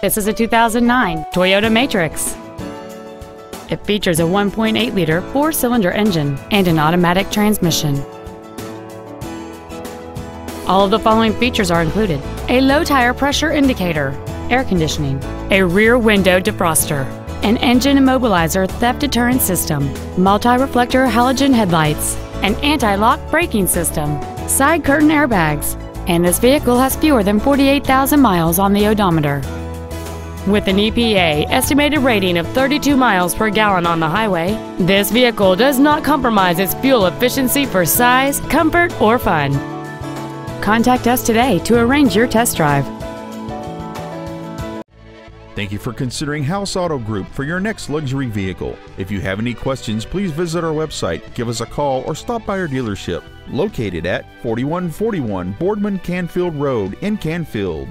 This is a 2009 Toyota Matrix. It features a 1.8-liter four-cylinder engine and an automatic transmission. All of the following features are included. A low tire pressure indicator, air conditioning, a rear window defroster, an engine immobilizer theft deterrent system, multi-reflector halogen headlights, an anti-lock braking system, side curtain airbags, and this vehicle has fewer than 48,000 miles on the odometer. With an EPA estimated rating of 32 miles per gallon on the highway, this vehicle does not compromise its fuel efficiency for size, comfort, or fun. Contact us today to arrange your test drive. Thank you for considering House Auto Group for your next luxury vehicle. If you have any questions, please visit our website, give us a call, or stop by our dealership located at 4141 Boardman Canfield Road in Canfield.